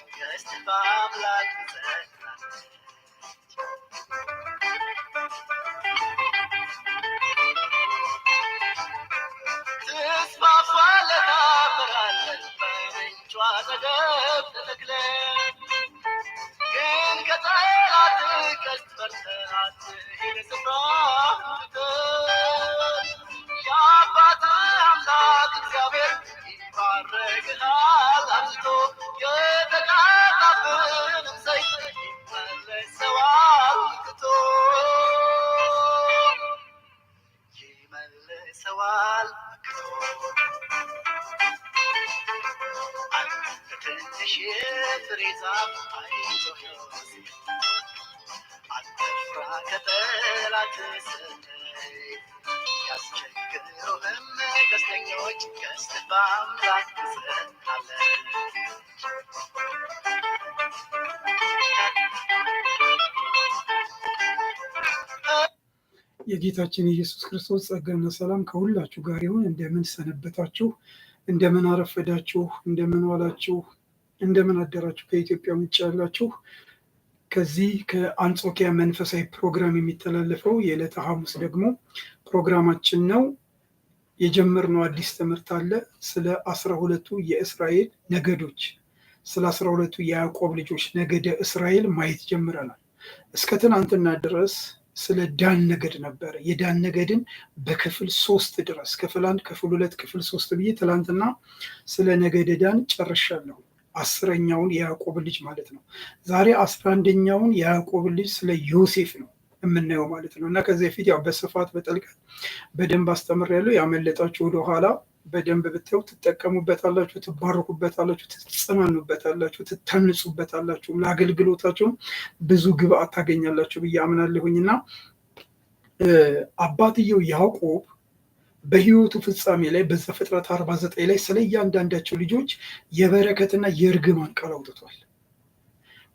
just a bomb like የጌታችን የኢየሱስ ክርስቶስ ጸጋና ሰላም ከሁላችሁ ጋር ይሁን። እንደምን ሰነበታችሁ? እንደምን አረፈዳችሁ? እንደምን ዋላችሁ? እንደምን አደራችሁ? ከኢትዮጵያ ውጭ ያላችሁ ከዚህ ከአንጾኪያ መንፈሳዊ ፕሮግራም የሚተላለፈው የዕለተ ሐሙስ ደግሞ ፕሮግራማችን ነው። የጀመርነው አዲስ ትምህርት አለ ስለ አስራ ሁለቱ የእስራኤል ነገዶች ስለ አስራ ሁለቱ የያዕቆብ ልጆች ነገደ እስራኤል ማየት ጀምረናል። እስከ ትናንትና ድረስ ስለ ዳን ነገድ ነበረ። የዳን ነገድን በክፍል ሶስት ድረስ ክፍል አንድ፣ ክፍል ሁለት፣ ክፍል ሶስት ብዬ ትላንትና ስለ ነገደ ዳን ጨርሻለሁ። አስረኛውን የያዕቆብ ልጅ ማለት ነው። ዛሬ አስራ አንደኛውን የያዕቆብ ልጅ ስለ ዮሴፍ ነው የምናየው ማለት ነው። እና ከዚህ በፊት ያው በስፋት በጥልቀት በደንብ አስተምር ያለው ያመለጣችሁ ወደኋላ በደንብ ብትው ትጠቀሙበታላችሁ፣ ትባረኩበታላችሁ፣ ትጽናኑበታላችሁ፣ ትታንጹበታላችሁ። ለአገልግሎታችሁም ብዙ ግብአት ታገኛላችሁ ብዬ አምናለሁኝ እና አባትየው ያዕቆብ በህይወቱ ፍጻሜ ላይ በዘፍጥረት አርባ ዘጠኝ ላይ ስለ እያንዳንዳቸው ልጆች የበረከትና የእርግማን ቃል አውጥቷል።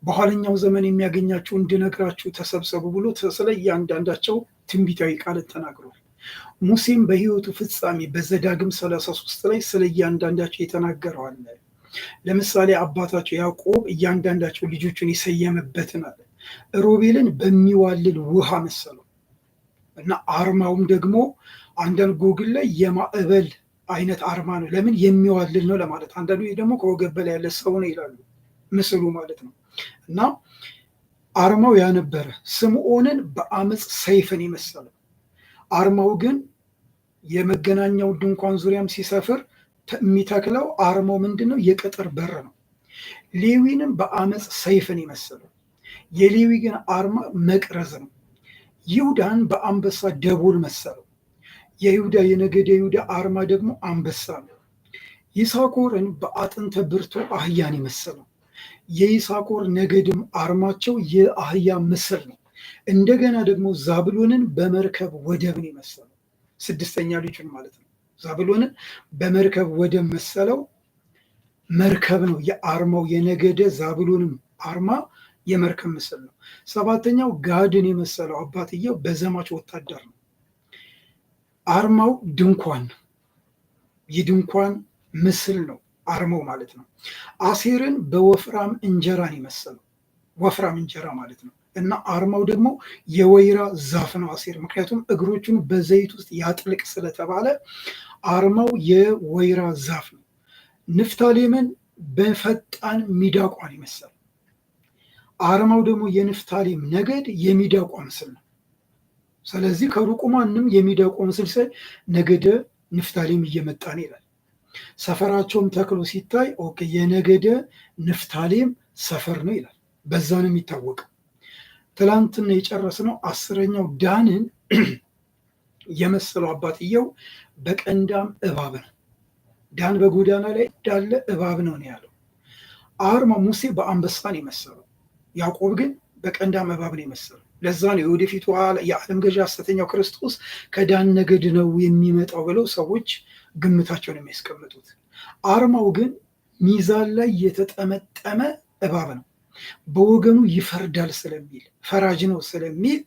በኋለኛው ዘመን የሚያገኛችሁ እንድነግራችሁ ተሰብሰቡ ብሎ ስለ እያንዳንዳቸው ትንቢታዊ ቃልን ተናግሯል። ሙሴም በህይወቱ ፍጻሜ በዘዳግም 33 ላይ ስለ እያንዳንዳቸው የተናገረው አለ። ለምሳሌ አባታቸው ያዕቆብ እያንዳንዳቸው ልጆቹን የሰየመበትን አለ። ሮቤልን በሚዋልል ውሃ መሰለው እና አርማውም ደግሞ አንዳንድ ጎግል ላይ የማዕበል አይነት አርማ ነው። ለምን የሚዋልል ነው ለማለት፣ አንዳንዱ ደግሞ ከወገብ በላይ ያለ ሰው ነው ይላሉ፣ ምስሉ ማለት ነው። እና አርማው ያነበረ ስምዖንን በአመፅ ሰይፍን የመሰለው አርማው ግን የመገናኛው ድንኳን ዙሪያም ሲሰፍር የሚተክለው አርማው ምንድን ነው? የቅጥር በር ነው። ሌዊንም በአመፅ ሰይፍን የመሰለው የሌዊ ግን አርማ መቅረዝ ነው። ይሁዳን በአንበሳ ደቦል መሰለው። የይሁዳ የነገደ ይሁዳ አርማ ደግሞ አንበሳ ነው። ይሳኮርን በአጥንተ ብርቱ አህያን የመሰለው የይሳኮር ነገድም አርማቸው የአህያ ምስል ነው። እንደገና ደግሞ ዛብሎንን በመርከብ ወደብን የመሰለው ስድስተኛ ልጁን ማለት ነው። ዛብሎንን በመርከብ ወደብ መሰለው መርከብ ነው። የአርማው የነገደ ዛብሎንም አርማ የመርከብ ምስል ነው። ሰባተኛው ጋድን የመሰለው አባትየው በዘማች ወታደር ነው። አርማው ድንኳን ነው። የድንኳን ምስል ነው አርማው ማለት ነው። አሴርን በወፍራም እንጀራን የመሰለው ወፍራም እንጀራ ማለት ነው። እና አርማው ደግሞ የወይራ ዛፍ ነው አሴር ምክንያቱም እግሮቹን በዘይት ውስጥ ያጥልቅ ስለተባለ አርማው የወይራ ዛፍ ነው። ንፍታሌምን በፈጣን ሚዳቋን ይመስል አርማው ደግሞ የንፍታሌም ነገድ የሚዳቋ ምስል ነው። ስለዚህ ከሩቁ ማንም የሚዳቋ ምስል ሳይ ነገደ ንፍታሌም እየመጣ ነው ይላል። ሰፈራቸውም ተክሎ ሲታይ ኦኬ የነገደ ንፍታሌም ሰፈር ነው ይላል። በዛ ነው የሚታወቀው። ትላንትና የጨረስነው አስረኛው ዳንን የመሰለው አባትየው በቀንዳም እባብ ነው። ዳን በጎዳና ላይ እንዳለ እባብ ነው ነው ያለው። አርማ ሙሴ በአንበሳ ነው የመሰለው፣ ያዕቆብ ግን በቀንዳም እባብ ነው የመሰለው። ለዛ ነው የወደፊቱ የዓለም ገዢ ሐሰተኛው ክርስቶስ ከዳን ነገድ ነው የሚመጣው ብለው ሰዎች ግምታቸውን የሚያስቀምጡት። አርማው ግን ሚዛን ላይ የተጠመጠመ እባብ ነው። በወገኑ ይፈርዳል ስለሚል ፈራጅ ነው ስለሚል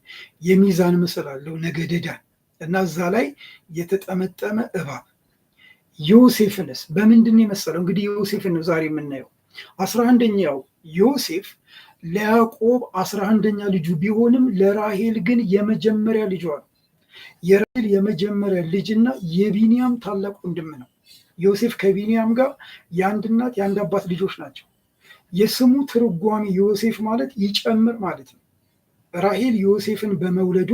የሚዛን ምስል አለው ነገደዳን እና እዛ ላይ የተጠመጠመ እባብ ዮሴፍንስ በምንድን የመሰለው እንግዲህ ዮሴፍን ነው ዛሬ የምናየው አስራ አንደኛው ዮሴፍ ለያዕቆብ አስራ አንደኛ ልጁ ቢሆንም ለራሄል ግን የመጀመሪያ ልጇ ነው የራሄል የመጀመሪያ ልጅና የቢንያም ታላቅ ወንድም ነው ዮሴፍ ከቢንያም ጋር የአንድ እናት የአንድ አባት ልጆች ናቸው የስሙ ትርጓሜ ዮሴፍ ማለት ይጨምር ማለት ነው። ራሄል ዮሴፍን በመውለዷ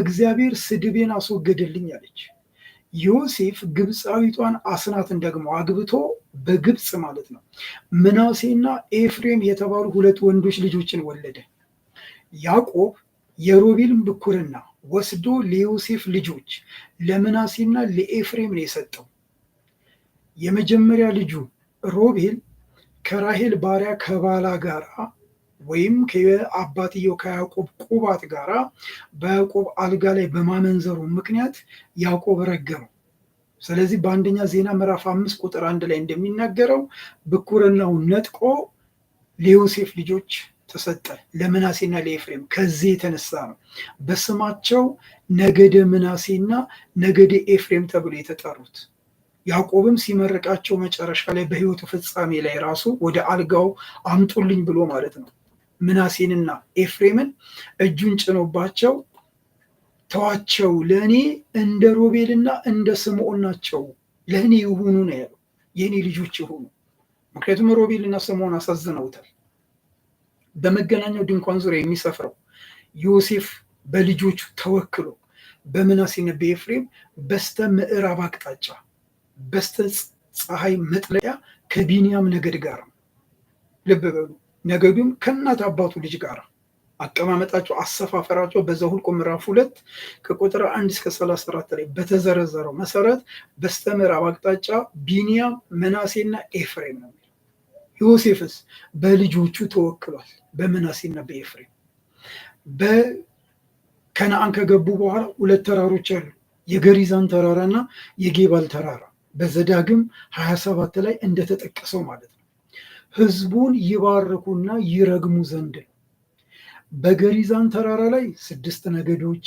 እግዚአብሔር ስድቤን አስወገደልኝ አለች። ዮሴፍ ግብፃዊቷን አስናትን ደግሞ አግብቶ በግብፅ ማለት ነው ምናሴና ኤፍሬም የተባሉ ሁለት ወንዶች ልጆችን ወለደ። ያዕቆብ የሮቤልን ብኩርና ወስዶ ለዮሴፍ ልጆች ለምናሴና ለኤፍሬም ነው የሰጠው። የመጀመሪያ ልጁ ሮቤል ከራሄል ባሪያ ከባላ ጋራ ወይም ከአባትየው ከያዕቆብ ቁባት ጋራ በያዕቆብ አልጋ ላይ በማመንዘሩ ምክንያት ያዕቆብ ረገመው። ስለዚህ በአንደኛ ዜና ምዕራፍ አምስት ቁጥር አንድ ላይ እንደሚናገረው ብኩርናውን ነጥቆ ለዮሴፍ ልጆች ተሰጠ ለምናሴና ለኤፍሬም። ከዚህ የተነሳ ነው በስማቸው ነገደ ምናሴና ነገደ ኤፍሬም ተብሎ የተጠሩት። ያዕቆብም ሲመረቃቸው መጨረሻ ላይ በህይወቱ ፍጻሜ ላይ ራሱ ወደ አልጋው አምጡልኝ ብሎ ማለት ነው ምናሴንና ኤፍሬምን እጁን ጭኖባቸው ተዋቸው፣ ለእኔ እንደ ሮቤልና እንደ ስምዖን ናቸው፣ ለእኔ ይሁኑ ነው ያለው፣ የእኔ ልጆች ይሁኑ። ምክንያቱም ሮቤልና ስምዖን አሳዝነውታል። በመገናኛው ድንኳን ዙሪያ የሚሰፍረው ዮሴፍ በልጆቹ ተወክሎ በምናሴና በኤፍሬም በስተ ምዕራብ አቅጣጫ በስተ ፀሐይ መጥለቂያ ከቢንያም ነገድ ጋር ልብ በሉ። ነገዱም ከእናት አባቱ ልጅ ጋር አቀማመጣቸው፣ አሰፋፈራቸው በዘኍልቍ ምዕራፍ ሁለት ከቁጥር አንድ እስከ ሰላሳ አራት ላይ በተዘረዘረው መሰረት በስተ ምዕራብ አቅጣጫ ቢንያም፣ መናሴና ኤፍሬም ነው። ዮሴፍስ በልጆቹ ተወክሏል፣ በመናሴና በኤፍሬም። በከነአን ከገቡ በኋላ ሁለት ተራሮች አሉ፣ የገሪዛን ተራራና የጌባል ተራራ በዘዳግም 27 ላይ እንደተጠቀሰው ማለት ነው። ህዝቡን ይባርኩና ይረግሙ ዘንድ ነው። በገሪዛን ተራራ ላይ ስድስት ነገዶች፣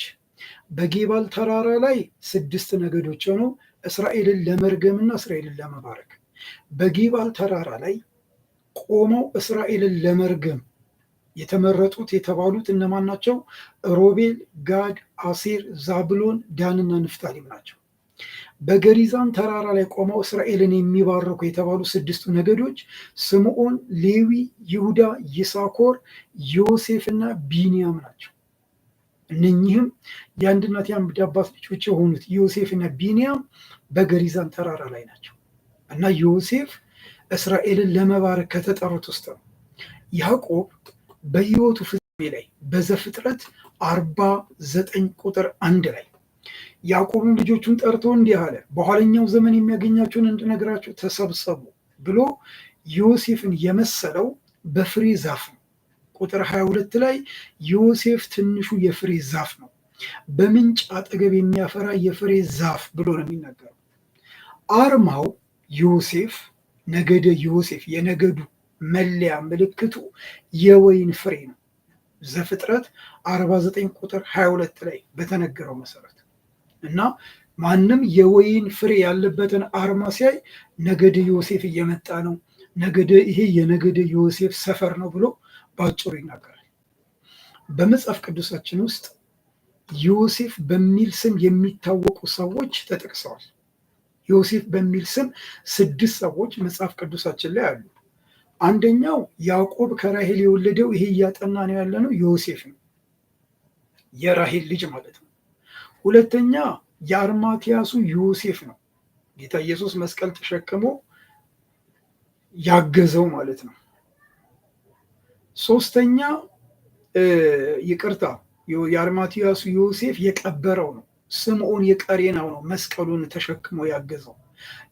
በጌባል ተራራ ላይ ስድስት ነገዶች ሆነው እስራኤልን ለመርገምና እስራኤልን ለመባረክ በጌባል ተራራ ላይ ቆመው እስራኤልን ለመርገም የተመረጡት የተባሉት እነማን ናቸው? ሮቤል፣ ጋድ፣ አሴር፣ ዛብሎን፣ ዳንና ንፍታሊም ናቸው። በገሪዛን ተራራ ላይ ቆመው እስራኤልን የሚባርኩ የተባሉ ስድስቱ ነገዶች ስምዖን፣ ሌዊ፣ ይሁዳ፣ ይሳኮር፣ ዮሴፍና ቢንያም ናቸው። እነኚህም የአንድ እናት የአንድ አባት ልጆች የሆኑት ዮሴፍና ቢንያም በገሪዛም ተራራ ላይ ናቸው እና ዮሴፍ እስራኤልን ለመባረክ ከተጠሩት ውስጥ ነው። ያዕቆብ በሕይወቱ ፍጻሜ ላይ በዘፍጥረት አርባ ዘጠኝ ቁጥር አንድ ላይ ያዕቆብም ልጆቹን ጠርቶ እንዲህ አለ፣ በኋለኛው ዘመን የሚያገኛቸውን እንድነግራቸው ተሰብሰቡ ብሎ ዮሴፍን የመሰለው በፍሬ ዛፍ ነው። ቁጥር 22 ላይ ዮሴፍ ትንሹ የፍሬ ዛፍ ነው፣ በምንጭ አጠገብ የሚያፈራ የፍሬ ዛፍ ብሎ ነው የሚናገረው። አርማው ዮሴፍ፣ ነገደ ዮሴፍ፣ የነገዱ መለያ ምልክቱ የወይን ፍሬ ነው። ዘፍጥረት 49 ቁጥር 22 ላይ በተነገረው መሰረት እና ማንም የወይን ፍሬ ያለበትን አርማ ሲያይ ነገደ ዮሴፍ እየመጣ ነው፣ ነገደ ይሄ የነገደ ዮሴፍ ሰፈር ነው ብሎ በአጭሩ ይናገራል። በመጽሐፍ ቅዱሳችን ውስጥ ዮሴፍ በሚል ስም የሚታወቁ ሰዎች ተጠቅሰዋል። ዮሴፍ በሚል ስም ስድስት ሰዎች መጽሐፍ ቅዱሳችን ላይ አሉ። አንደኛው ያዕቆብ ከራሄል የወለደው ይሄ እያጠና ነው ያለ ነው ዮሴፍ ነው፣ የራሄል ልጅ ማለት ነው። ሁለተኛ የአርማትያሱ ዮሴፍ ነው። ጌታ ኢየሱስ መስቀል ተሸክሞ ያገዘው ማለት ነው። ሶስተኛ ይቅርታ፣ የአርማትያሱ ዮሴፍ የቀበረው ነው። ስምዖን የቀሬናው ነው መስቀሉን ተሸክሞ ያገዘው።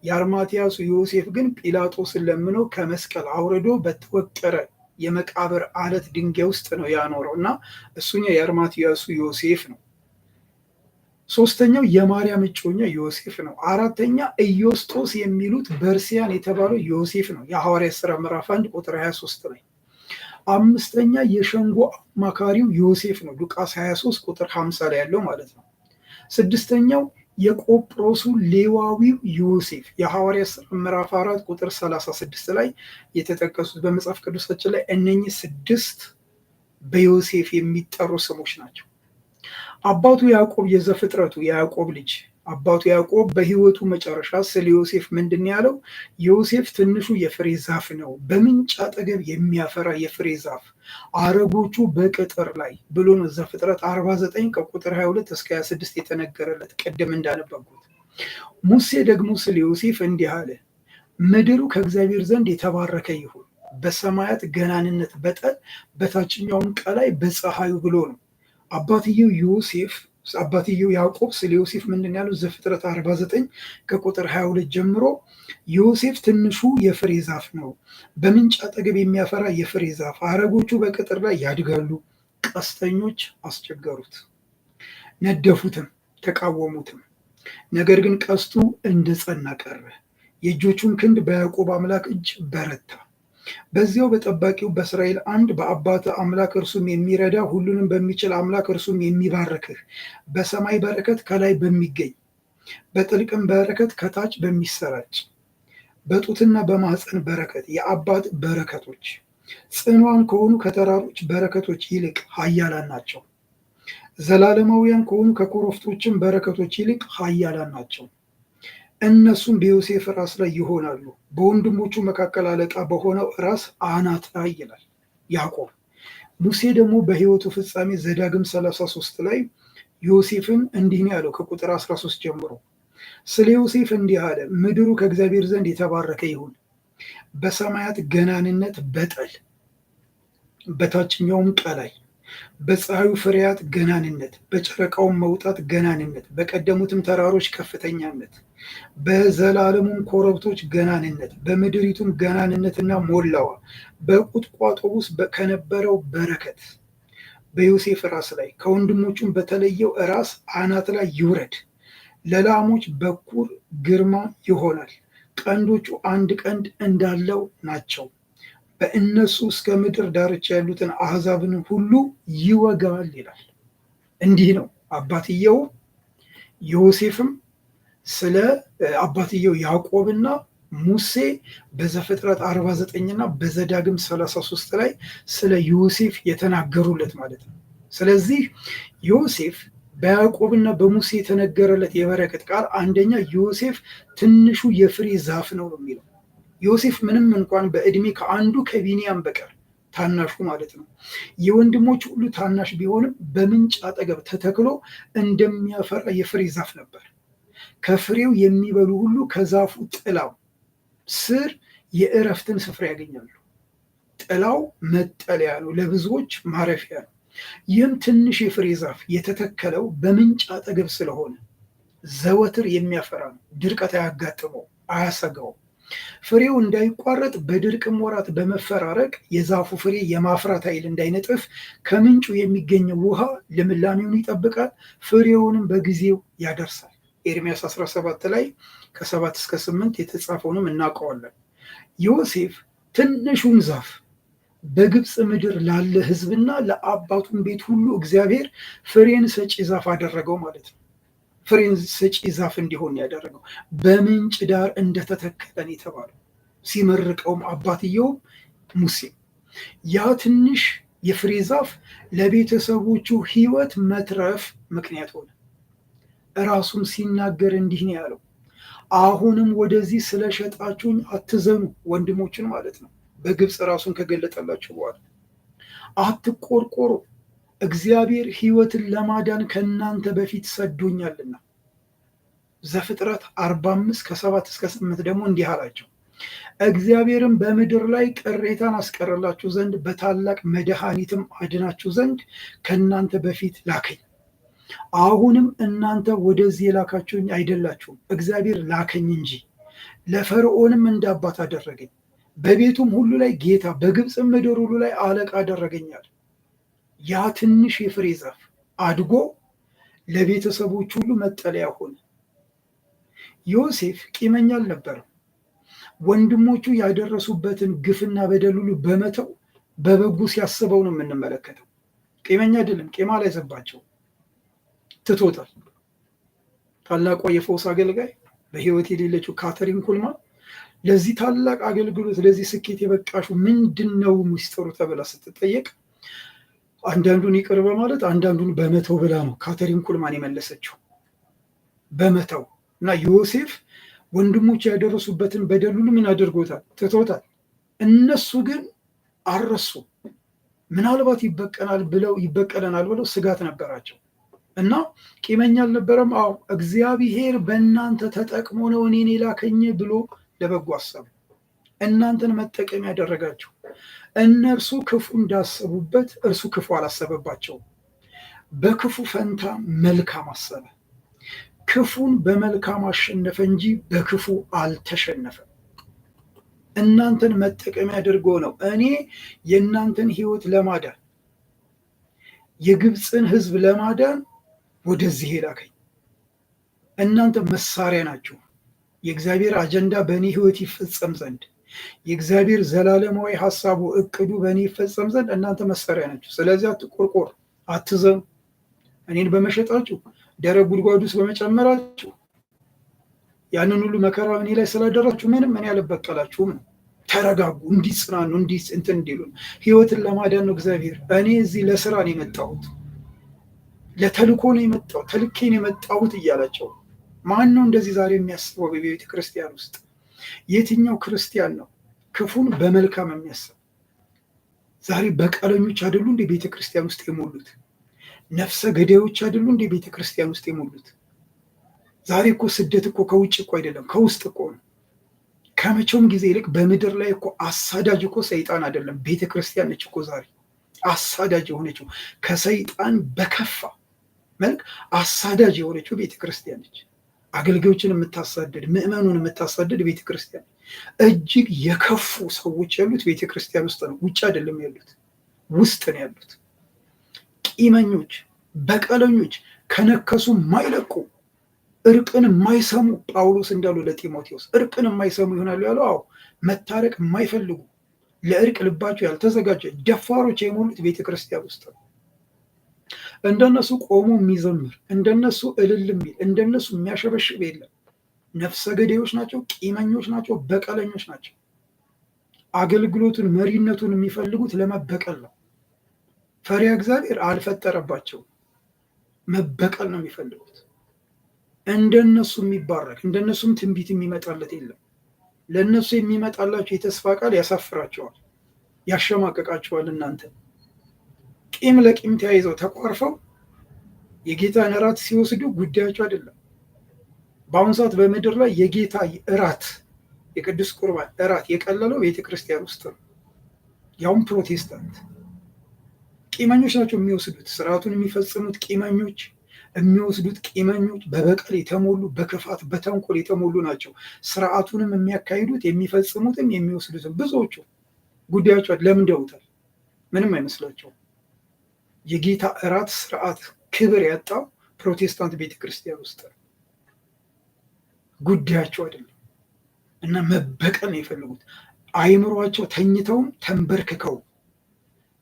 የአርማትያሱ ዮሴፍ ግን ጲላጦስን ለምኖ ከመስቀል አውርዶ በተወቀረ የመቃብር አለት ድንጋይ ውስጥ ነው ያኖረው እና እሱኛ የአርማትያሱ ዮሴፍ ነው። ሶስተኛው የማርያም እጮኛ ዮሴፍ ነው። አራተኛ ኢዮስጦስ የሚሉት በርሲያን የተባለው ዮሴፍ ነው። የሐዋርያት ስራ ምዕራፍ 1 ቁጥር 23 ላይ። አምስተኛ የሸንጎ አማካሪው ዮሴፍ ነው። ሉቃስ 23 ቁጥር 50 ላይ ያለው ማለት ነው። ስድስተኛው የቆጵሮሱ ሌዋዊው ዮሴፍ የሐዋርያት ስራ ምዕራፍ 4 ቁጥር 36 ላይ የተጠቀሱት በመጽሐፍ ቅዱሳችን ላይ እነኚህ ስድስት በዮሴፍ የሚጠሩ ስሞች ናቸው። አባቱ ያዕቆብ የዘፍጥረቱ የያዕቆብ ልጅ አባቱ ያዕቆብ በህይወቱ መጨረሻ ስለ ዮሴፍ ምንድን ያለው? ዮሴፍ ትንሹ የፍሬ ዛፍ ነው፣ በምንጭ አጠገብ የሚያፈራ የፍሬ ዛፍ አረጎቹ በቅጥር ላይ ብሎ ነው ዘፍጥረት 49 ከቁጥር 22 እስከ 26 የተነገረለት ቅድም እንዳነበብኩት። ሙሴ ደግሞ ስለ ዮሴፍ እንዲህ አለ፣ ምድሩ ከእግዚአብሔር ዘንድ የተባረከ ይሁን፣ በሰማያት ገናንነት በጠል በታችኛውም ቀላይ በፀሐዩ ብሎ ነው አባትየው ዮሴፍ አባትየው ያዕቆብ ስለ ዮሴፍ ምንድን ያለው ዘፍጥረት 49 ከቁጥር 22 ጀምሮ ዮሴፍ ትንሹ የፍሬ ዛፍ ነው፣ በምንጭ አጠገብ የሚያፈራ የፍሬ ዛፍ፣ አረጎቹ በቅጥር ላይ ያድጋሉ። ቀስተኞች አስቸገሩት፣ ነደፉትም፣ ተቃወሙትም። ነገር ግን ቀስቱ ጸና ቀረ፣ የእጆቹን ክንድ በያዕቆብ አምላክ እጅ በረታ። በዚያው በጠባቂው በእስራኤል አንድ በአባት አምላክ እርሱም የሚረዳ ሁሉንም በሚችል አምላክ እርሱም የሚባርክህ በሰማይ በረከት ከላይ በሚገኝ በጥልቅም በረከት ከታች በሚሰራጭ በጡትና በማፀን በረከት የአባት በረከቶች ጽኗን ከሆኑ ከተራሮች በረከቶች ይልቅ ኃያላን ናቸው። ዘላለማውያን ከሆኑ ከኮረፍቶችም በረከቶች ይልቅ ኃያላን ናቸው። እነሱም በዮሴፍ ራስ ላይ ይሆናሉ፣ በወንድሞቹ መካከል አለቃ በሆነው ራስ አናት ላይ ይላል ያዕቆብ። ሙሴ ደግሞ በህይወቱ ፍጻሜ ዘዳግም 33 ላይ ዮሴፍን እንዲህ ነው ያለው ከቁጥር 13 ጀምሮ ስለ ዮሴፍ እንዲህ አለ፣ ምድሩ ከእግዚአብሔር ዘንድ የተባረከ ይሁን፣ በሰማያት ገናንነት በጠል በታችኛውም ቀላይ በፀሐዩ ፍሬያት ገናንነት፣ በጨረቃውም መውጣት ገናንነት፣ በቀደሙትም ተራሮች ከፍተኛነት፣ በዘላለሙም ኮረብቶች ገናንነት፣ በምድሪቱም ገናንነትና ሞላዋ፣ በቁጥቋጦ ውስጥ ከነበረው በረከት በዮሴፍ ራስ ላይ ከወንድሞቹም በተለየው ራስ አናት ላይ ይውረድ። ለላሞች በኩር ግርማ ይሆናል። ቀንዶቹ አንድ ቀንድ እንዳለው ናቸው። በእነሱ እስከ ምድር ዳርቻ ያሉትን አህዛብን ሁሉ ይወጋል ይላል። እንዲህ ነው አባትየው ዮሴፍም ስለ አባትየው ያዕቆብና ሙሴ በዘፍጥረት 49 እና በዘዳግም 33 ላይ ስለ ዮሴፍ የተናገሩለት ማለት ነው። ስለዚህ ዮሴፍ በያዕቆብና በሙሴ የተነገረለት የበረከት ቃል አንደኛ ዮሴፍ ትንሹ የፍሬ ዛፍ ነው ነው የሚለው ዮሴፍ ምንም እንኳን በእድሜ ከአንዱ ከቢንያም በቀር ታናሹ ማለት ነው የወንድሞች ሁሉ ታናሽ ቢሆንም በምንጭ አጠገብ ተተክሎ እንደሚያፈራ የፍሬ ዛፍ ነበር። ከፍሬው የሚበሉ ሁሉ ከዛፉ ጥላው ስር የእረፍትን ስፍራ ያገኛሉ። ጥላው መጠለያ ነው፣ ለብዙዎች ማረፊያ ነው። ይህም ትንሽ የፍሬ ዛፍ የተተከለው በምንጭ አጠገብ ስለሆነ ዘወትር የሚያፈራ ነው። ድርቀት አያጋጥመው፣ አያሰጋውም። ፍሬው እንዳይቋረጥ በድርቅም ወራት በመፈራረቅ የዛፉ ፍሬ የማፍራት ኃይል እንዳይነጥፍ ከምንጩ የሚገኘው ውሃ ልምላሜውን ይጠብቃል፣ ፍሬውንም በጊዜው ያደርሳል። ኤርሚያስ 17 ላይ ከ7 እስከ 8 የተጻፈውንም እናውቀዋለን። ዮሴፍ ትንሹን ዛፍ በግብፅ ምድር ላለ ሕዝብና ለአባቱን ቤት ሁሉ እግዚአብሔር ፍሬን ሰጪ ዛፍ አደረገው ማለት ነው። ፍሬን ሰጪ ዛፍ እንዲሆን ያደረገው በምንጭ ዳር እንደተተከለን የተባለው ሲመርቀውም አባትየውም ሙሴ ያ ትንሽ የፍሬ ዛፍ ለቤተሰቦቹ ሕይወት መትረፍ ምክንያት ሆነ። እራሱም ሲናገር እንዲህ ነው ያለው፣ አሁንም ወደዚህ ስለሸጣችሁኝ አትዘኑ፣ ወንድሞችን ማለት ነው። በግብፅ ራሱን ከገለጠላቸው በኋላ አትቆርቆሩ እግዚአብሔር ሕይወትን ለማዳን ከእናንተ በፊት ሰዶኛልና። ዘፍጥረት አርባ ከሰባት እስከ ስምንት ደግሞ እንዲህ አላቸው እግዚአብሔርም በምድር ላይ ቅሬታን አስቀርላችሁ ዘንድ በታላቅ መድኃኒትም አድናችሁ ዘንድ ከእናንተ በፊት ላከኝ። አሁንም እናንተ ወደዚህ የላካችሁኝ አይደላችሁም፣ እግዚአብሔር ላከኝ እንጂ። ለፈርዖንም እንደ አባት አደረገኝ፣ በቤቱም ሁሉ ላይ ጌታ፣ በግብፅ ምድር ሁሉ ላይ አለቃ አደረገኛል። ያ ትንሽ የፍሬ ዛፍ አድጎ ለቤተሰቦች ሁሉ መጠለያ ሆነ። ዮሴፍ ቂመኛ አልነበረም። ወንድሞቹ ያደረሱበትን ግፍና በደል ሁሉ በመተው በበጉ ሲያስበው ነው የምንመለከተው። ቂመኛ አይደለም፣ ላይ አላይዘባቸው፣ ትቶታል። ታላቋ የፈውስ አገልጋይ በህይወት የሌለችው ካተሪን ኩልማ ለዚህ ታላቅ አገልግሎት ለዚህ ስኬት የበቃሹ ምንድን ነው ሚስጥሩ ተብላ ስትጠየቅ አንዳንዱን ይቅር በማለት አንዳንዱን በመተው ብላ ነው ካተሪን ኩልማን የመለሰችው። በመተው እና ዮሴፍ ወንድሞች ያደረሱበትን በደሉን ምን አድርጎታል? ትቶታል። እነሱ ግን አረሱ። ምናልባት ይበቀናል ብለው ይበቀለናል ብለው ስጋት ነበራቸው እና ቂመኛ አልነበረም። አዎ እግዚአብሔር በእናንተ ተጠቅሞ ነው እኔን የላከኝ ብሎ ለበጎ አሰቡ። እናንተን መጠቀም ያደረጋችሁ። እነርሱ ክፉ እንዳሰቡበት እርሱ ክፉ አላሰበባቸውም፣ በክፉ ፈንታ መልካም አሰበ። ክፉን በመልካም አሸነፈ እንጂ በክፉ አልተሸነፈም። እናንተን መጠቀሚያ አድርጎ ነው። እኔ የእናንተን ሕይወት ለማዳን የግብፅን ሕዝብ ለማዳን ወደዚህ ሄዳከኝ። እናንተ መሳሪያ ናችሁ የእግዚአብሔር አጀንዳ በእኔ ሕይወት ይፈጸም ዘንድ የእግዚአብሔር ዘላለማዊ ሀሳቡ እቅዱ በእኔ ይፈጸም ዘንድ እናንተ መሳሪያ ናቸው። ስለዚህ አትቆርቆር፣ አትዘኑ። እኔን በመሸጣችሁ ደረቅ ጉድጓድ ውስጥ በመጨመራችሁ ያንን ሁሉ መከራ እኔ ላይ ስላደራችሁ ምንም እኔ አልበቀላችሁም ነው። ተረጋጉ፣ እንዲጽናኑ እንትን እንዲሉ ህይወትን ለማዳን ነው እግዚአብሔር። እኔ እዚህ ለስራ ነው የመጣሁት፣ ለተልኮ ነው የመጣሁት፣ ተልኬ የመጣሁት እያላቸው ማን ነው እንደዚህ ዛሬ የሚያስበው በቤተ ክርስቲያን ውስጥ የትኛው ክርስቲያን ነው ክፉን በመልካም የሚያስብ? ዛሬ በቀለኞች አይደሉ እንዴ ቤተ ክርስቲያን ውስጥ የሞሉት? ነፍሰ ገዳዮች አይደሉ እንዴ ቤተ ክርስቲያን ውስጥ የሞሉት? ዛሬ እኮ ስደት እኮ ከውጭ እኮ አይደለም ከውስጥ እኮ ነው። ከመቼውም ጊዜ ይልቅ በምድር ላይ እኮ አሳዳጅ እኮ ሰይጣን አይደለም ቤተ ክርስቲያን ነች እኮ ዛሬ አሳዳጅ የሆነችው ከሰይጣን በከፋ መልክ አሳዳጅ የሆነችው ቤተ ክርስቲያን ነች። አገልጋዮችን የምታሳድድ ምዕመኑን የምታሳድድ ቤተክርስቲያን እጅግ የከፉ ሰዎች ያሉት ቤተክርስቲያን ውስጥ ነው። ውጭ አይደለም ያሉት፣ ውስጥ ነው ያሉት። ቂመኞች፣ በቀለኞች፣ ከነከሱ ማይለቁ እርቅን የማይሰሙ ጳውሎስ እንዳሉ ለጢሞቴዎስ እርቅን የማይሰሙ ይሆናሉ ያለው። አዎ መታረቅ የማይፈልጉ ለእርቅ ልባቸው ያልተዘጋጀ ደፋሮች የሞሉት ቤተክርስቲያን ውስጥ ነው። እንደነሱ ቆሞ የሚዘምር እንደነሱ እልል የሚል እንደነሱ የሚያሸበሽብ የለም። ነፍሰ ገዳዮች ናቸው፣ ቂመኞች ናቸው፣ በቀለኞች ናቸው። አገልግሎቱን መሪነቱን የሚፈልጉት ለመበቀል ነው። ፈሪያ እግዚአብሔር አልፈጠረባቸውም። መበቀል ነው የሚፈልጉት። እንደነሱ የሚባረክ እንደነሱም ትንቢት የሚመጣለት የለም። ለእነሱ የሚመጣላቸው የተስፋ ቃል ያሳፍራቸዋል፣ ያሸማቀቃቸዋል እናንተ ቂም ለቂም ተያይዘው ተቋርፈው የጌታን እራት ሲወስዱ ጉዳያቸው አይደለም። በአሁኑ ሰዓት በምድር ላይ የጌታ እራት የቅዱስ ቁርባን እራት የቀለለው ቤተክርስቲያን ውስጥ ነው። ያውም ፕሮቴስታንት ቂመኞች ናቸው የሚወስዱት። ስርዓቱን የሚፈጽሙት ቂመኞች፣ የሚወስዱት ቂመኞች፣ በበቀል የተሞሉ በክፋት በተንኮል የተሞሉ ናቸው። ስርዓቱንም የሚያካሂዱት የሚፈጽሙትም የሚወስዱትም ብዙዎቹ ጉዳያቸው ለምን ደውታል? ምንም አይመስላቸውም። የጌታ እራት ስርዓት ክብር ያጣው ፕሮቴስታንት ቤተክርስቲያን ውስጥ ነው። ጉዳያቸው አይደለም እና መበቀል የፈለጉት። አይምሯቸው ተኝተውም ተንበርክከው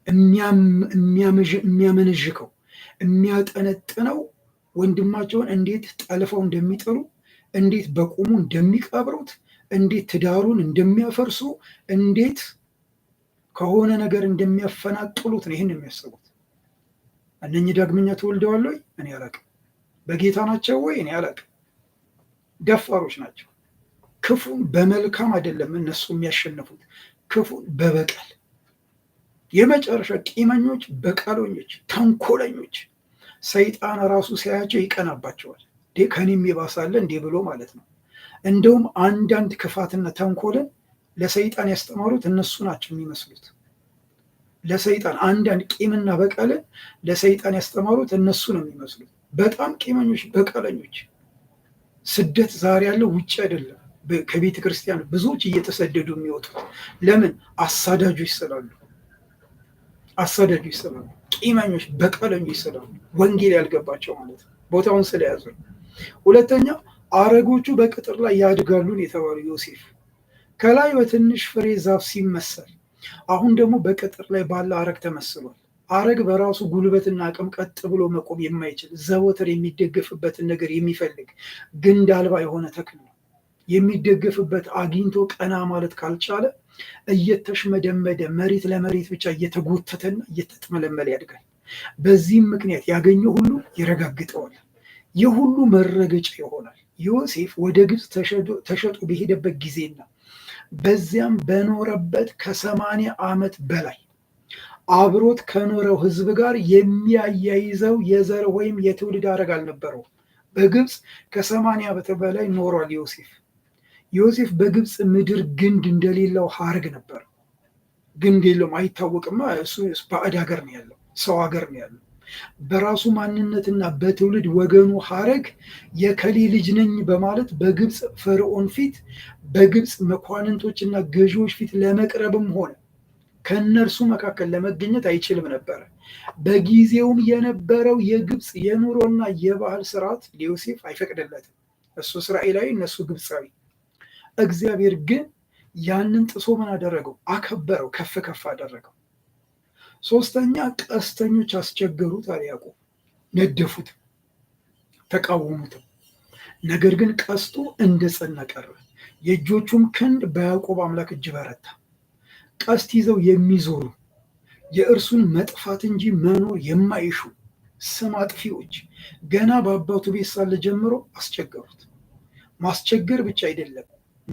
የሚያመነዥከው የሚያጠነጥነው ወንድማቸውን እንዴት ጠልፈው እንደሚጠሉ እንዴት በቁሙ እንደሚቀብሩት፣ እንዴት ትዳሩን እንደሚያፈርሱ፣ እንዴት ከሆነ ነገር እንደሚያፈናጥሉት ነው ይህን የሚያስቡት። እነኚህ ዳግመኛ ተወልደዋል ወይ? እኔ አላቅም። በጌታ ናቸው ወይ? እኔ አላቅም። ደፋሮች ናቸው። ክፉን በመልካም አይደለም እነሱ የሚያሸንፉት፣ ክፉን በበቀል የመጨረሻ ቂመኞች፣ በቀሎኞች፣ ተንኮለኞች ሰይጣን ራሱ ሲያያቸው ይቀናባቸዋል። ከኔም ይባሳለ እንዲህ ብሎ ማለት ነው። እንደውም አንዳንድ ክፋትና ተንኮልን ለሰይጣን ያስተማሩት እነሱ ናቸው የሚመስሉት። ለሰይጣን አንዳንድ ቂምና በቀልን ለሰይጣን ያስተማሩት እነሱ ነው የሚመስሉት። በጣም ቂመኞች፣ በቀለኞች። ስደት ዛሬ ያለው ውጭ አይደለም፣ ከቤተ ክርስቲያን ብዙዎች እየተሰደዱ የሚወጡት ለምን? አሳዳጆች ስላሉ፣ አሳዳጆች ስላሉ፣ ቂመኞች፣ በቀለኞች ስላሉ፣ ወንጌል ያልገባቸው ማለት ነው፣ ቦታውን ስለያዙ ነው። ሁለተኛ አረጎቹ በቅጥር ላይ ያድጋሉን የተባሉ ዮሴፍ ከላይ በትንሽ ፍሬ ዛፍ ሲመሰል አሁን ደግሞ በቅጥር ላይ ባለ አረግ ተመስሏል። አረግ በራሱ ጉልበትና አቅም ቀጥ ብሎ መቆም የማይችል ዘወትር የሚደገፍበትን ነገር የሚፈልግ ግንድ አልባ የሆነ ተክል ነው። የሚደገፍበት አግኝቶ ቀና ማለት ካልቻለ እየተሽመደመደ መሬት ለመሬት ብቻ እየተጎተተና እየተጥመለመለ ያድጋል። በዚህም ምክንያት ያገኘ ሁሉ ይረጋግጠዋል። የሁሉ መረገጫ ይሆናል። ዮሴፍ ወደ ግብፅ ተሸጦ በሄደበት ጊዜና በዚያም በኖረበት ከሰማንያ ዓመት በላይ አብሮት ከኖረው ህዝብ ጋር የሚያያይዘው የዘር ወይም የትውልድ ሐረግ አልነበረው። በግብፅ ከሰማንያ ዓመት በላይ ኖሯል ዮሴፍ። ዮሴፍ በግብፅ ምድር ግንድ እንደሌለው ሐረግ ነበር። ግንድ የለውም አይታወቅማ። እሱ ባዕድ ሀገር ነው ያለው፣ ሰው ሀገር ነው ያለው። በራሱ ማንነትና በትውልድ ወገኑ ሀረግ የከሌ ልጅ ነኝ በማለት በግብፅ ፈርዖን ፊት በግብፅ መኳንንቶችና ገዢዎች ፊት ለመቅረብም ሆነ ከእነርሱ መካከል ለመገኘት አይችልም ነበረ። በጊዜውም የነበረው የግብፅ የኑሮና የባህል ስርዓት ለዮሴፍ አይፈቅድለትም። እሱ እስራኤላዊ፣ እነሱ ግብፃዊ። እግዚአብሔር ግን ያንን ጥሶ ምን አደረገው? አከበረው፣ ከፍ ከፍ አደረገው። ሶስተኛ ቀስተኞች አስቸገሩት አለ ያዕቆብ። ነደፉት፣ ተቃወሙትም። ነገር ግን ቀስቱ እንደ ጸና ቀረ፣ የእጆቹም ክንድ በያዕቆብ አምላክ እጅ በረታ። ቀስት ይዘው የሚዞሩ የእርሱን መጥፋት እንጂ መኖር የማይሹ ስም አጥፊዎች ገና በአባቱ ቤት ሳለ ጀምሮ አስቸገሩት። ማስቸገር ብቻ አይደለም፣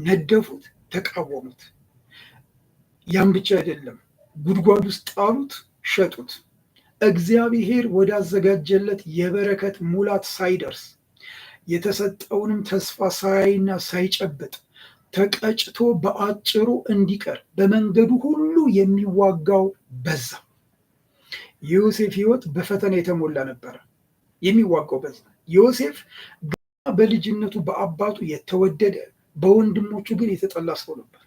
ነደፉት፣ ተቃወሙት። ያም ብቻ አይደለም ጉድጓድ ውስጥ ጣሉት፣ ሸጡት። እግዚአብሔር ወዳዘጋጀለት የበረከት ሙላት ሳይደርስ የተሰጠውንም ተስፋ ሳያይና ሳይጨብጥ ተቀጭቶ በአጭሩ እንዲቀር በመንገዱ ሁሉ የሚዋጋው በዛ። የዮሴፍ ሕይወት በፈተና የተሞላ ነበረ። የሚዋጋው በዛ። ዮሴፍ በልጅነቱ በአባቱ የተወደደ በወንድሞቹ ግን የተጠላ ሰው ነበር።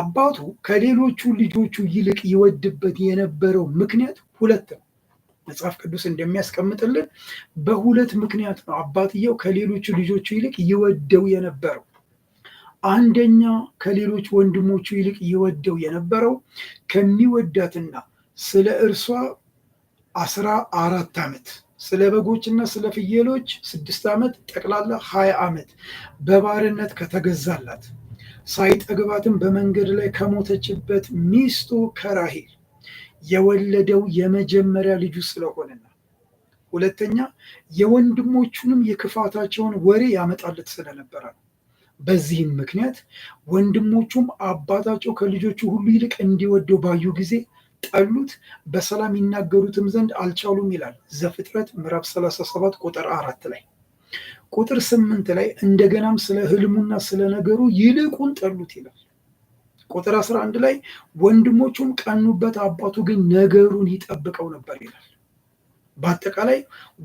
አባቱ ከሌሎቹ ልጆቹ ይልቅ ይወድበት የነበረው ምክንያት ሁለት ነው። መጽሐፍ ቅዱስ እንደሚያስቀምጥልን በሁለት ምክንያት ነው አባትየው ከሌሎቹ ልጆቹ ይልቅ ይወደው የነበረው። አንደኛ ከሌሎች ወንድሞቹ ይልቅ ይወደው የነበረው ከሚወዳትና ስለ እርሷ አስራ አራት ዓመት ስለ በጎችና ስለ ፍየሎች ስድስት ዓመት ጠቅላላ ሀያ ዓመት በባርነት ከተገዛላት ሳይጠግባትም በመንገድ ላይ ከሞተችበት ሚስቱ ከራሄል የወለደው የመጀመሪያ ልጁ ስለሆነና ሁለተኛ የወንድሞቹንም የክፋታቸውን ወሬ ያመጣለት ስለነበረ ነው። በዚህም ምክንያት ወንድሞቹም አባታቸው ከልጆቹ ሁሉ ይልቅ እንዲወደው ባዩ ጊዜ ጠሉት፣ በሰላም ይናገሩትም ዘንድ አልቻሉም ይላል ዘፍጥረት ምዕራፍ 37 ቁጥር አራት ላይ ቁጥር ስምንት ላይ እንደገናም ስለ ህልሙና ስለ ነገሩ ይልቁን ጠሉት ይላል። ቁጥር አስራ አንድ ላይ ወንድሞቹም ቀኑበት፣ አባቱ ግን ነገሩን ይጠብቀው ነበር ይላል። በአጠቃላይ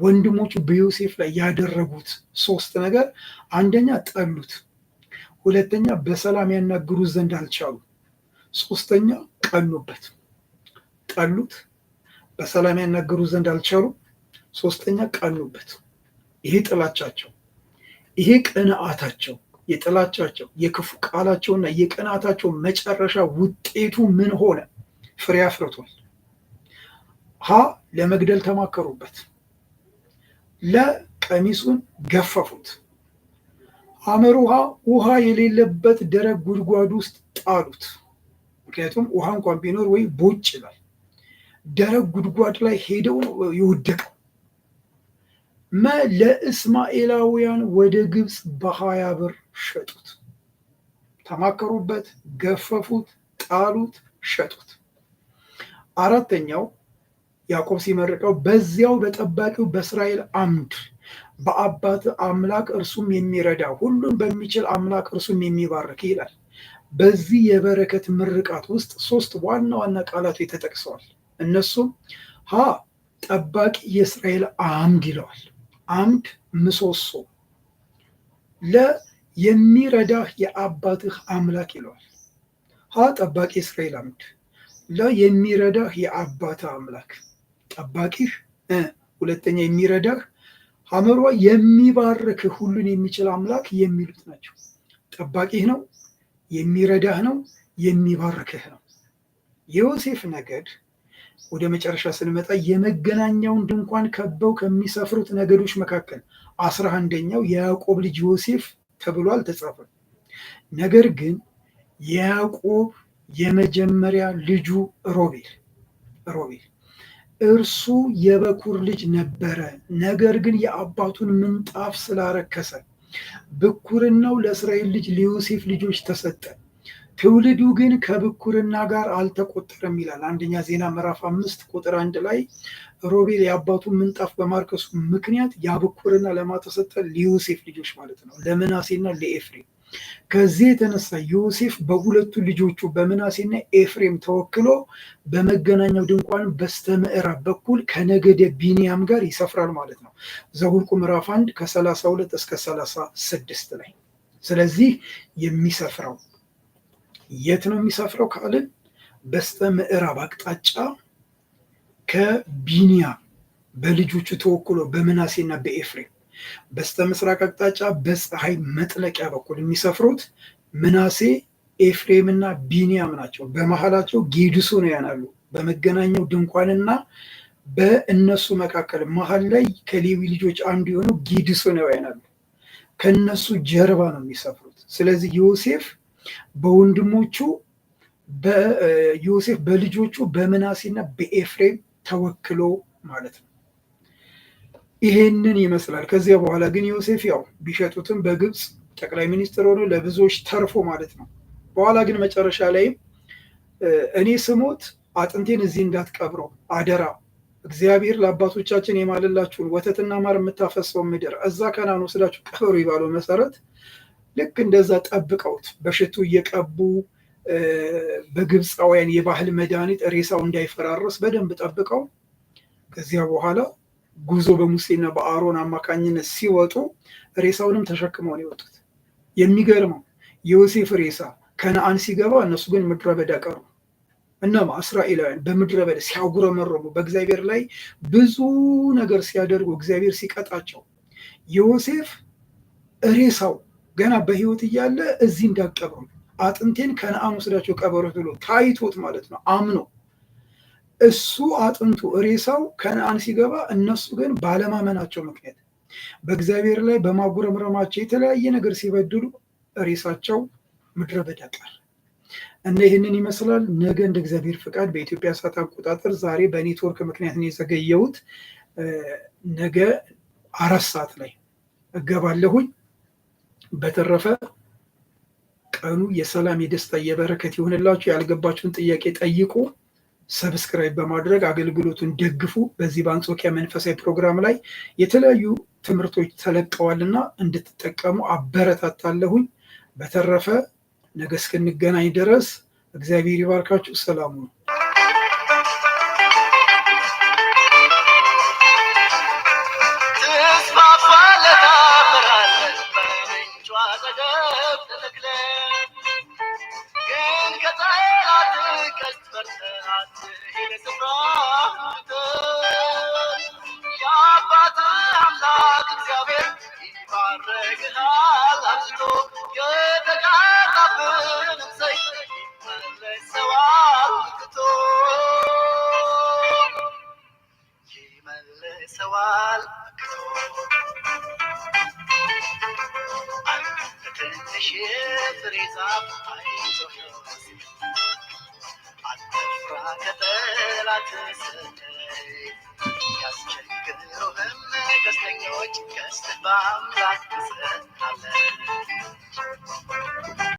ወንድሞቹ በዮሴፍ ላይ ያደረጉት ሶስት ነገር፣ አንደኛ ጠሉት፣ ሁለተኛ በሰላም ያናግሩት ዘንድ አልቻሉ፣ ሶስተኛ ቀኑበት። ጠሉት፣ በሰላም ያናግሩት ዘንድ አልቻሉ ሶስተኛ ቀኑበት። ይህ ጥላቻቸው ይሄ ቅንዓታቸው፣ የጥላቻቸው፣ የክፉ ቃላቸውና የቅንዓታቸው መጨረሻ ውጤቱ ምን ሆነ? ፍሬ አፍርቷል። ሀ ለመግደል ተማከሩበት፣ ለቀሚሱን ገፈፉት፣ አመሩሃ ውሃ የሌለበት ደረቅ ጉድጓድ ውስጥ ጣሉት። ምክንያቱም ውሃ እንኳን ቢኖር ወይ ቦጭ ይላል። ደረቅ ጉድጓድ ላይ ሄደው ነው የወደቀው። ለእስማኤላውያን ወደ ግብፅ በሀያ ብር ሸጡት። ተማከሩበት፣ ገፈፉት፣ ጣሉት፣ ሸጡት። አራተኛው ያዕቆብ ሲመርቀው በዚያው በጠባቂው በእስራኤል አምድ በአባት አምላክ እርሱም የሚረዳ ሁሉን በሚችል አምላክ እርሱም የሚባርክ ይላል። በዚህ የበረከት ምርቃት ውስጥ ሶስት ዋና ዋና ቃላት ተጠቅሰዋል። እነሱም ሀ ጠባቂ የእስራኤል አምድ ይለዋል አምድ ምሰሶ ለ የሚረዳህ የአባትህ አምላክ ይለዋል። ሀ ጠባቂ እስራኤል አምድ ለ የሚረዳህ የአባትህ አምላክ ጠባቂህ፣ ሁለተኛ የሚረዳህ ሐመሯ የሚባርክህ ሁሉን የሚችል አምላክ የሚሉት ናቸው። ጠባቂህ ነው፣ የሚረዳህ ነው፣ የሚባርክህ ነው። የዮሴፍ ነገድ ወደ መጨረሻ ስንመጣ የመገናኛውን ድንኳን ከበው ከሚሰፍሩት ነገዶች መካከል አስራ አንደኛው የያዕቆብ ልጅ ዮሴፍ ተብሎ አልተጻፈም። ነገር ግን የያዕቆብ የመጀመሪያ ልጁ ሮቤል ሮቤል እርሱ የበኩር ልጅ ነበረ። ነገር ግን የአባቱን ምንጣፍ ስላረከሰ ብኩርናው ለእስራኤል ልጅ ለዮሴፍ ልጆች ተሰጠ። ትውልዱ ግን ከብኩርና ጋር አልተቆጠረም ይላል አንደኛ ዜና ምዕራፍ አምስት ቁጥር አንድ ላይ ሮቤል የአባቱ ምንጣፍ በማርከሱ ምክንያት ያብኩርና ለማተሰጠ ለዮሴፍ ልጆች ማለት ነው ለምናሴና ለኤፍሬም ከዚህ የተነሳ ዮሴፍ በሁለቱ ልጆቹ በምናሴና ኤፍሬም ተወክሎ በመገናኛው ድንኳን ምዕራብ በኩል ከነገደ ቢንያም ጋር ይሰፍራል ማለት ነው ዘኍልቍ ምዕራፍ አንድ ከ32 እስከ 36 ላይ ስለዚህ የሚሰፍረው የት ነው የሚሰፍረው ካልን በስተ ምዕራብ አቅጣጫ ከቢኒያ በልጆቹ ተወክሎ በምናሴና በኤፍሬም በስተ ምስራቅ አቅጣጫ በፀሐይ መጥለቂያ በኩል የሚሰፍሩት ምናሴ ኤፍሬምና ቢንያም ናቸው። በመሀላቸው ጌድሶ ነው ያናሉ። በመገናኛው ድንኳንና በእነሱ መካከል መሀል ላይ ከሌዊ ልጆች አንዱ የሆነው ጌድሶ ነው ያናሉ። ከእነሱ ጀርባ ነው የሚሰፍሩት። ስለዚህ ዮሴፍ በወንድሞቹ በዮሴፍ በልጆቹ በምናሴና በኤፍሬም ተወክሎ ማለት ነው። ይሄንን ይመስላል። ከዚያ በኋላ ግን ዮሴፍ ያው ቢሸጡትም በግብፅ ጠቅላይ ሚኒስትር ሆኖ ለብዙዎች ተርፎ ማለት ነው። በኋላ ግን መጨረሻ ላይም እኔ ስሞት አጥንቴን እዚህ እንዳትቀብረው አደራ እግዚአብሔር ለአባቶቻችን የማለላችሁን ወተትና ማር የምታፈሰው ምድር እዛ ከናን ወስዳችሁ ቀበሩ ይባለው መሰረት ልክ እንደዛ ጠብቀውት በሽቱ እየቀቡ በግብፃውያን የባህል መድኃኒት ሬሳው እንዳይፈራረስ በደንብ ጠብቀው ከዚያ በኋላ ጉዞ በሙሴና በአሮን አማካኝነት ሲወጡ ሬሳውንም ተሸክመው ነው የወጡት። የሚገርመው የዮሴፍ ሬሳ ከነአን ሲገባ እነሱ ግን ምድረ በዳ ቀሩ። እናማ እስራኤላውያን በምድረ በዳ ሲያጉረመረሙ በእግዚአብሔር ላይ ብዙ ነገር ሲያደርጉ እግዚአብሔር ሲቀጣቸው ዮሴፍ ሬሳው ገና በህይወት እያለ እዚህ እንዳቀብሩ አጥንቴን ከነአን ወስዳቸው ቀበሩት ብሎ ታይቶት ማለት ነው አምኖ እሱ አጥንቱ ሬሳው ከነአን ሲገባ እነሱ ግን ባለማመናቸው ምክንያት በእግዚአብሔር ላይ በማጉረምረማቸው የተለያየ ነገር ሲበድሉ ሬሳቸው ምድረ በዳ እና ይህንን ይመስላል። ነገ እንደ እግዚአብሔር ፍቃድ በኢትዮጵያ ሰዓት አቆጣጠር ዛሬ በኔትወርክ ምክንያት ነው የዘገየሁት። ነገ አራት ሰዓት ላይ እገባለሁኝ። በተረፈ ቀኑ የሰላም የደስታ የበረከት ይሆንላችሁ። ያልገባችሁን ጥያቄ ጠይቁ። ሰብስክራይብ በማድረግ አገልግሎቱን ደግፉ። በዚህ በአንጾኪያ መንፈሳዊ ፕሮግራም ላይ የተለያዩ ትምህርቶች ተለቀዋልና እንድትጠቀሙ አበረታታለሁኝ። በተረፈ ነገ እስክንገናኝ ድረስ እግዚአብሔር ይባርካችሁ። ሰላሙ ነው።